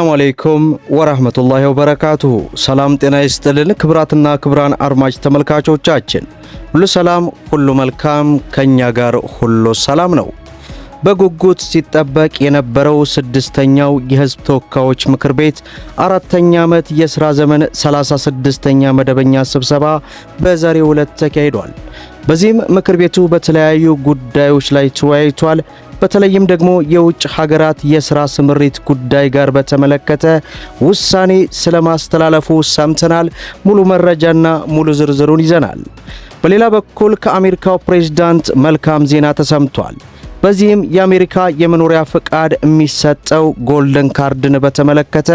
ሰላም አለይኩም ወራህመቱላሂ ወበረካቱሁ። ሰላም ጤና ይስጥልን። ክብራትና ክብራን አድማጭ ተመልካቾቻችን ሁሉ ሰላም፣ ሁሉ መልካም፣ ከኛ ጋር ሁሉ ሰላም ነው። በጉጉት ሲጠበቅ የነበረው ስድስተኛው የህዝብ ተወካዮች ምክር ቤት አራተኛ ዓመት የሥራ ዘመን 36ኛ መደበኛ ስብሰባ በዛሬው ዕለት ተካሂዷል። በዚህም ምክር ቤቱ በተለያዩ ጉዳዮች ላይ ተወያይቷል። በተለይም ደግሞ የውጭ ሀገራት የስራ ስምሪት ጉዳይ ጋር በተመለከተ ውሳኔ ስለማስተላለፉ ሰምተናል። ሙሉ መረጃና ሙሉ ዝርዝሩን ይዘናል። በሌላ በኩል ከአሜሪካው ፕሬዝዳንት መልካም ዜና ተሰምቷል። በዚህም የአሜሪካ የመኖሪያ ፍቃድ የሚሰጠው ጎልደን ካርድን በተመለከተ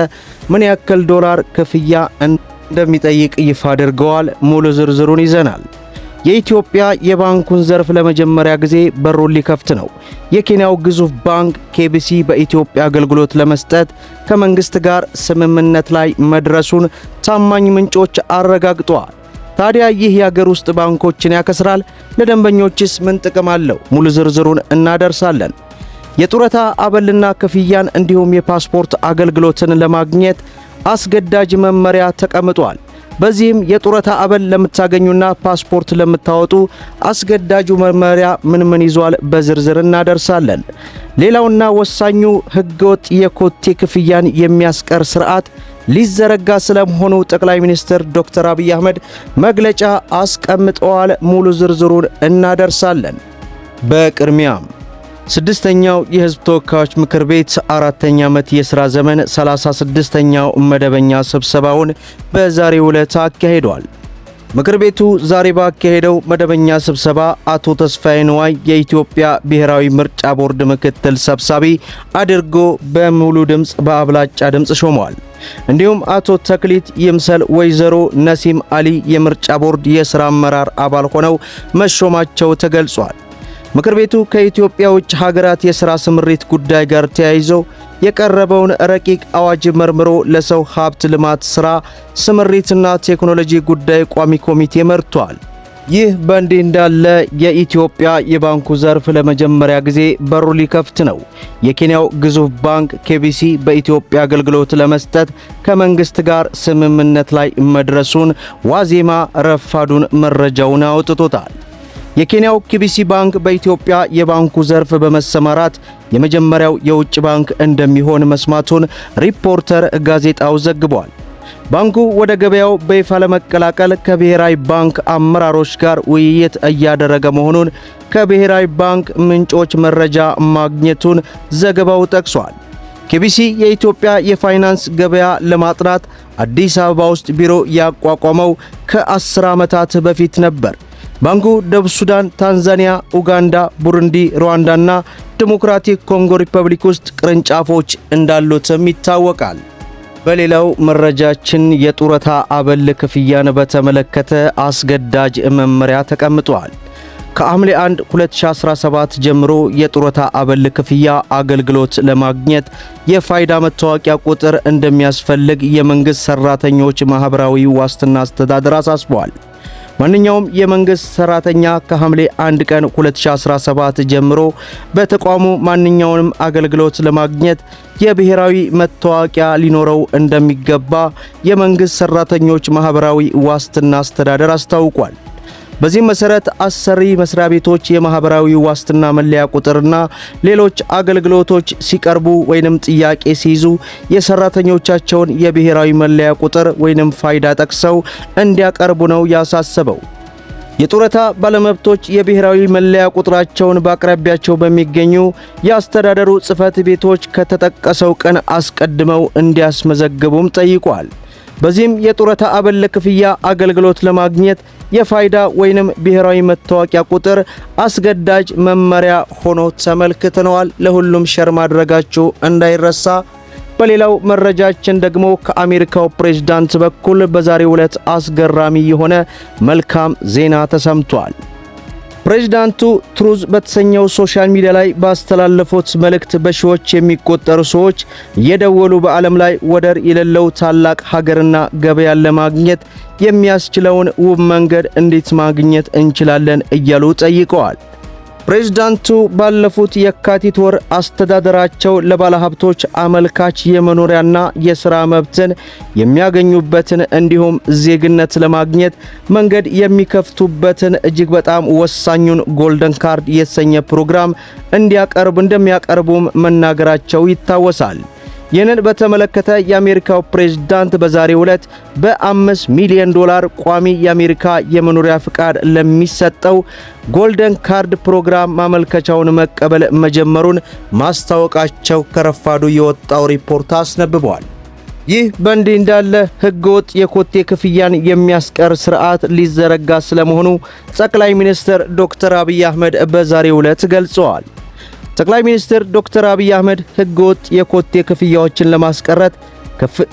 ምን ያክል ዶላር ክፍያ እንደሚጠይቅ ይፋ አድርገዋል። ሙሉ ዝርዝሩን ይዘናል። የኢትዮጵያ የባንኩን ዘርፍ ለመጀመሪያ ጊዜ በሩን ሊከፍት ነው። የኬንያው ግዙፍ ባንክ ኬቢሲ በኢትዮጵያ አገልግሎት ለመስጠት ከመንግሥት ጋር ስምምነት ላይ መድረሱን ታማኝ ምንጮች አረጋግጠዋል። ታዲያ ይህ የአገር ውስጥ ባንኮችን ያከስራል? ለደንበኞችስ ምን ጥቅም አለው? ሙሉ ዝርዝሩን እናደርሳለን። የጡረታ አበልና ክፍያን እንዲሁም የፓስፖርት አገልግሎትን ለማግኘት አስገዳጅ መመሪያ ተቀምጧል። በዚህም የጡረታ አበል ለምታገኙና ፓስፖርት ለምታወጡ አስገዳጁ መመሪያ ምን ምን ይዟል በዝርዝር እናደርሳለን። ሌላውና ወሳኙ ህገወጥ የኮቴ ክፍያን የሚያስቀር ስርዓት ሊዘረጋ ስለመሆኑ ጠቅላይ ሚኒስትር ዶክተር አብይ አህመድ መግለጫ አስቀምጠዋል። ሙሉ ዝርዝሩን እናደርሳለን። በቅድሚያም ስድስተኛው የህዝብ ተወካዮች ምክር ቤት አራተኛ ዓመት የሥራ ዘመን 36ኛው መደበኛ ስብሰባውን በዛሬው ዕለት አካሂዷል። ምክር ቤቱ ዛሬ ባካሄደው መደበኛ ስብሰባ አቶ ተስፋዬ ንዋይ የኢትዮጵያ ብሔራዊ ምርጫ ቦርድ ምክትል ሰብሳቢ አድርጎ በሙሉ ድምፅ በአብላጫ ድምፅ ሾመዋል። እንዲሁም አቶ ተክሊት ይምሰል፣ ወይዘሮ ነሲም አሊ የምርጫ ቦርድ የሥራ አመራር አባል ሆነው መሾማቸው ተገልጿል። ምክር ቤቱ ከኢትዮጵያ ውጭ ሀገራት የሥራ ስምሪት ጉዳይ ጋር ተያይዞ የቀረበውን ረቂቅ አዋጅ መርምሮ ለሰው ሀብት ልማት ሥራ ስምሪትና ቴክኖሎጂ ጉዳይ ቋሚ ኮሚቴ መርቷል። ይህ በእንዲህ እንዳለ የኢትዮጵያ የባንኩ ዘርፍ ለመጀመሪያ ጊዜ በሩ ሊከፍት ነው። የኬንያው ግዙፍ ባንክ ኬቢሲ በኢትዮጵያ አገልግሎት ለመስጠት ከመንግሥት ጋር ስምምነት ላይ መድረሱን ዋዜማ ረፋዱን መረጃውን አውጥቶታል። የኬንያው ኪቢሲ ባንክ በኢትዮጵያ የባንኩ ዘርፍ በመሰማራት የመጀመሪያው የውጭ ባንክ እንደሚሆን መስማቱን ሪፖርተር ጋዜጣው ዘግቧል። ባንኩ ወደ ገበያው በይፋ ለመቀላቀል ከብሔራዊ ባንክ አመራሮች ጋር ውይይት እያደረገ መሆኑን ከብሔራዊ ባንክ ምንጮች መረጃ ማግኘቱን ዘገባው ጠቅሷል። ኬቢሲ የኢትዮጵያ የፋይናንስ ገበያ ለማጥናት አዲስ አበባ ውስጥ ቢሮ ያቋቋመው ከ10 ዓመታት በፊት ነበር። ባንኩ ደቡብ ሱዳን፣ ታንዛኒያ፣ ኡጋንዳ፣ ቡሩንዲ፣ ሩዋንዳና ዲሞክራቲክ ኮንጎ ሪፐብሊክ ውስጥ ቅርንጫፎች እንዳሉትም ይታወቃል። በሌላው መረጃችን የጡረታ አበል ክፍያን በተመለከተ አስገዳጅ መመሪያ ተቀምጧል። ከሐምሌ 1 2017 ጀምሮ የጡረታ አበል ክፍያ አገልግሎት ለማግኘት የፋይዳ መታወቂያ ቁጥር እንደሚያስፈልግ የመንግሥት ሠራተኞች ማኅበራዊ ዋስትና አስተዳደር አሳስቧል። ማንኛውም የመንግስት ሰራተኛ ከሐምሌ 1 ቀን 2017 ጀምሮ በተቋሙ ማንኛውንም አገልግሎት ለማግኘት የብሔራዊ መታወቂያ ሊኖረው እንደሚገባ የመንግስት ሰራተኞች ማህበራዊ ዋስትና አስተዳደር አስታውቋል። በዚህም መሰረት አሰሪ መስሪያ ቤቶች የማህበራዊ ዋስትና መለያ ቁጥርና ሌሎች አገልግሎቶች ሲቀርቡ ወይንም ጥያቄ ሲይዙ የሰራተኞቻቸውን የብሔራዊ መለያ ቁጥር ወይንም ፋይዳ ጠቅሰው እንዲያቀርቡ ነው ያሳሰበው። የጡረታ ባለመብቶች የብሔራዊ መለያ ቁጥራቸውን በአቅራቢያቸው በሚገኙ የአስተዳደሩ ጽህፈት ቤቶች ከተጠቀሰው ቀን አስቀድመው እንዲያስመዘግቡም ጠይቋል። በዚህም የጡረታ አበል ክፍያ አገልግሎት ለማግኘት የፋይዳ ወይንም ብሔራዊ መታወቂያ ቁጥር አስገዳጅ መመሪያ ሆኖ ተመልክተነዋል። ለሁሉም ሸር ማድረጋችሁ እንዳይረሳ። በሌላው መረጃችን ደግሞ ከአሜሪካው ፕሬዝዳንት በኩል በዛሬው ዕለት አስገራሚ የሆነ መልካም ዜና ተሰምቷል። ፕሬዚዳንቱ ትሩዝ በተሰኘው ሶሻል ሚዲያ ላይ ባስተላለፉት መልእክት በሺዎች የሚቆጠሩ ሰዎች እየደወሉ በዓለም ላይ ወደር የሌለው ታላቅ ሀገርና ገበያን ለማግኘት የሚያስችለውን ውብ መንገድ እንዴት ማግኘት እንችላለን እያሉ ጠይቀዋል። ፕሬዝዳንቱ ባለፉት የካቲት ወር አስተዳደራቸው ለባለሀብቶች አመልካች የመኖሪያና የሥራ መብትን የሚያገኙበትን እንዲሁም ዜግነት ለማግኘት መንገድ የሚከፍቱበትን እጅግ በጣም ወሳኙን ጎልደን ካርድ የተሰኘ ፕሮግራም እንዲያቀርብ እንደሚያቀርቡም መናገራቸው ይታወሳል። ይህንን በተመለከተ የአሜሪካው ፕሬዝዳንት በዛሬው ዕለት በ5 ሚሊዮን ዶላር ቋሚ የአሜሪካ የመኖሪያ ፍቃድ ለሚሰጠው ጎልደን ካርድ ፕሮግራም ማመልከቻውን መቀበል መጀመሩን ማስታወቃቸው ከረፋዱ የወጣው ሪፖርት አስነብበዋል። ይህ በእንዲህ እንዳለ ሕገወጥ የኮቴ ክፍያን የሚያስቀር ስርዓት ሊዘረጋ ስለመሆኑ ጠቅላይ ሚኒስትር ዶክተር አብይ አህመድ በዛሬው ዕለት ገልጸዋል። ጠቅላይ ሚኒስትር ዶክተር አብይ አህመድ ህገወጥ የኮቴ ክፍያዎችን ለማስቀረት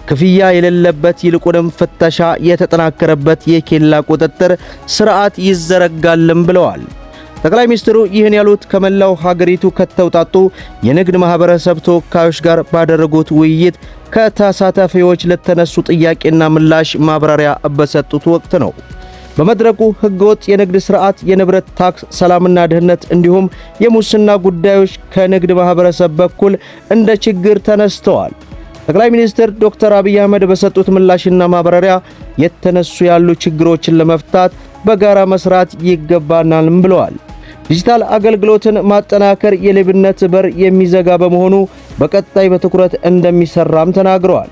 ክፍያ የሌለበት ይልቁንም ፍተሻ የተጠናከረበት የኬላ ቁጥጥር ስርዓት ይዘረጋልም ብለዋል። ጠቅላይ ሚኒስትሩ ይህን ያሉት ከመላው ሀገሪቱ ከተውጣጡ የንግድ ማህበረሰብ ተወካዮች ጋር ባደረጉት ውይይት ከተሳታፊዎች ለተነሱ ጥያቄና ምላሽ ማብራሪያ በሰጡት ወቅት ነው። በመድረኩ ህገወጥ የንግድ ስርዓት፣ የንብረት ታክስ፣ ሰላምና ደህንነት እንዲሁም የሙስና ጉዳዮች ከንግድ ማህበረሰብ በኩል እንደ ችግር ተነስተዋል። ጠቅላይ ሚኒስትር ዶክተር አብይ አህመድ በሰጡት ምላሽና ማብራሪያ የተነሱ ያሉ ችግሮችን ለመፍታት በጋራ መስራት ይገባናልም ብለዋል። ዲጂታል አገልግሎትን ማጠናከር የሌብነት በር የሚዘጋ በመሆኑ በቀጣይ በትኩረት እንደሚሰራም ተናግረዋል።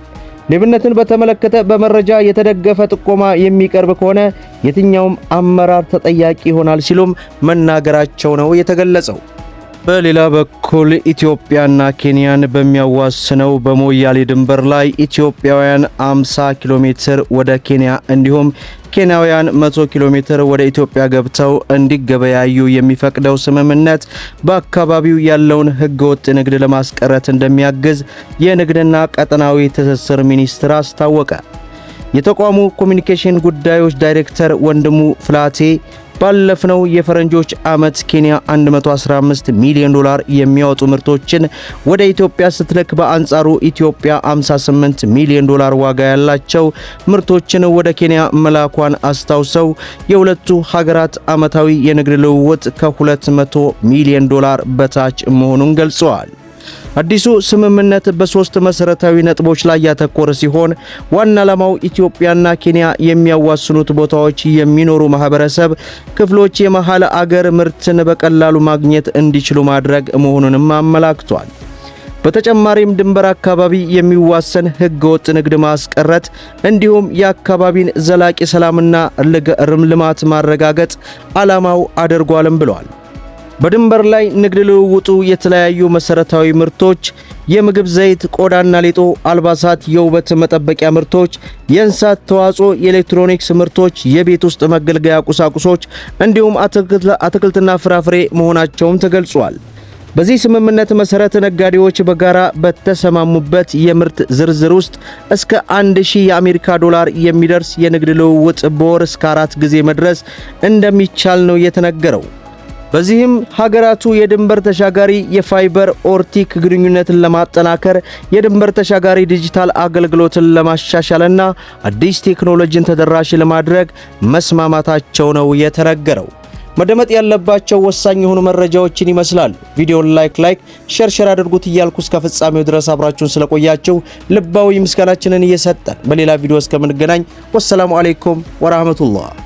ሌብነትን በተመለከተ በመረጃ የተደገፈ ጥቆማ የሚቀርብ ከሆነ የትኛውም አመራር ተጠያቂ ይሆናል ሲሉም መናገራቸው ነው የተገለጸው። በሌላ በኩል ኢትዮጵያና ኬንያን በሚያዋስነው በሞያሌ ድንበር ላይ ኢትዮጵያውያን 50 ኪሎ ሜትር ወደ ኬንያ እንዲሁም ኬንያውያን 100 ኪሎ ሜትር ወደ ኢትዮጵያ ገብተው እንዲገበያዩ የሚፈቅደው ስምምነት በአካባቢው ያለውን ህገወጥ ንግድ ለማስቀረት እንደሚያግዝ የንግድና ቀጠናዊ ትስስር ሚኒስቴር አስታወቀ። የተቋሙ ኮሚኒኬሽን ጉዳዮች ዳይሬክተር ወንድሙ ፍላቴ ባለፍነው የፈረንጆች ዓመት ኬንያ 115 ሚሊዮን ዶላር የሚያወጡ ምርቶችን ወደ ኢትዮጵያ ስትልክ በአንጻሩ ኢትዮጵያ 58 ሚሊዮን ዶላር ዋጋ ያላቸው ምርቶችን ወደ ኬንያ መላኳን አስታውሰው የሁለቱ ሀገራት ዓመታዊ የንግድ ልውውጥ ከ200 ሚሊዮን ዶላር በታች መሆኑን ገልጸዋል። አዲሱ ስምምነት በሶስት መሰረታዊ ነጥቦች ላይ ያተኮረ ሲሆን ዋና ዓላማው ኢትዮጵያና ኬንያ የሚያዋስኑት ቦታዎች የሚኖሩ ማህበረሰብ ክፍሎች የመሃል አገር ምርትን በቀላሉ ማግኘት እንዲችሉ ማድረግ መሆኑንም አመላክቷል። በተጨማሪም ድንበር አካባቢ የሚዋሰን ህገወጥ ንግድ ማስቀረት እንዲሁም የአካባቢን ዘላቂ ሰላምና ልማት ማረጋገጥ ዓላማው አድርጓልም ብሏል። በድንበር ላይ ንግድ ልውውጡ የተለያዩ መሰረታዊ ምርቶች፣ የምግብ ዘይት፣ ቆዳና ሌጦ፣ አልባሳት፣ የውበት መጠበቂያ ምርቶች፣ የእንስሳት ተዋጽኦ፣ የኤሌክትሮኒክስ ምርቶች፣ የቤት ውስጥ መገልገያ ቁሳቁሶች እንዲሁም አትክልትና ፍራፍሬ መሆናቸውም ተገልጿል። በዚህ ስምምነት መሰረት ነጋዴዎች በጋራ በተሰማሙበት የምርት ዝርዝር ውስጥ እስከ 1000 የአሜሪካ ዶላር የሚደርስ የንግድ ልውውጥ በወር እስከ አራት ጊዜ መድረስ እንደሚቻል ነው የተነገረው። በዚህም ሀገራቱ የድንበር ተሻጋሪ የፋይበር ኦርቲክ ግንኙነትን ለማጠናከር የድንበር ተሻጋሪ ዲጂታል አገልግሎትን ለማሻሻልና አዲስ ቴክኖሎጂን ተደራሽ ለማድረግ መስማማታቸው ነው የተነገረው። መደመጥ ያለባቸው ወሳኝ የሆኑ መረጃዎችን ይመስላል። ቪዲዮን ላይክ ላይክ ሼር ሼር አድርጉት እያልኩ እስከ ፍጻሜው ድረስ አብራችሁን ስለቆያችሁ ልባዊ ምስጋናችንን እየሰጠን በሌላ ቪዲዮ እስከምንገናኝ ወሰላሙ አሌይኩም ወራህመቱላህ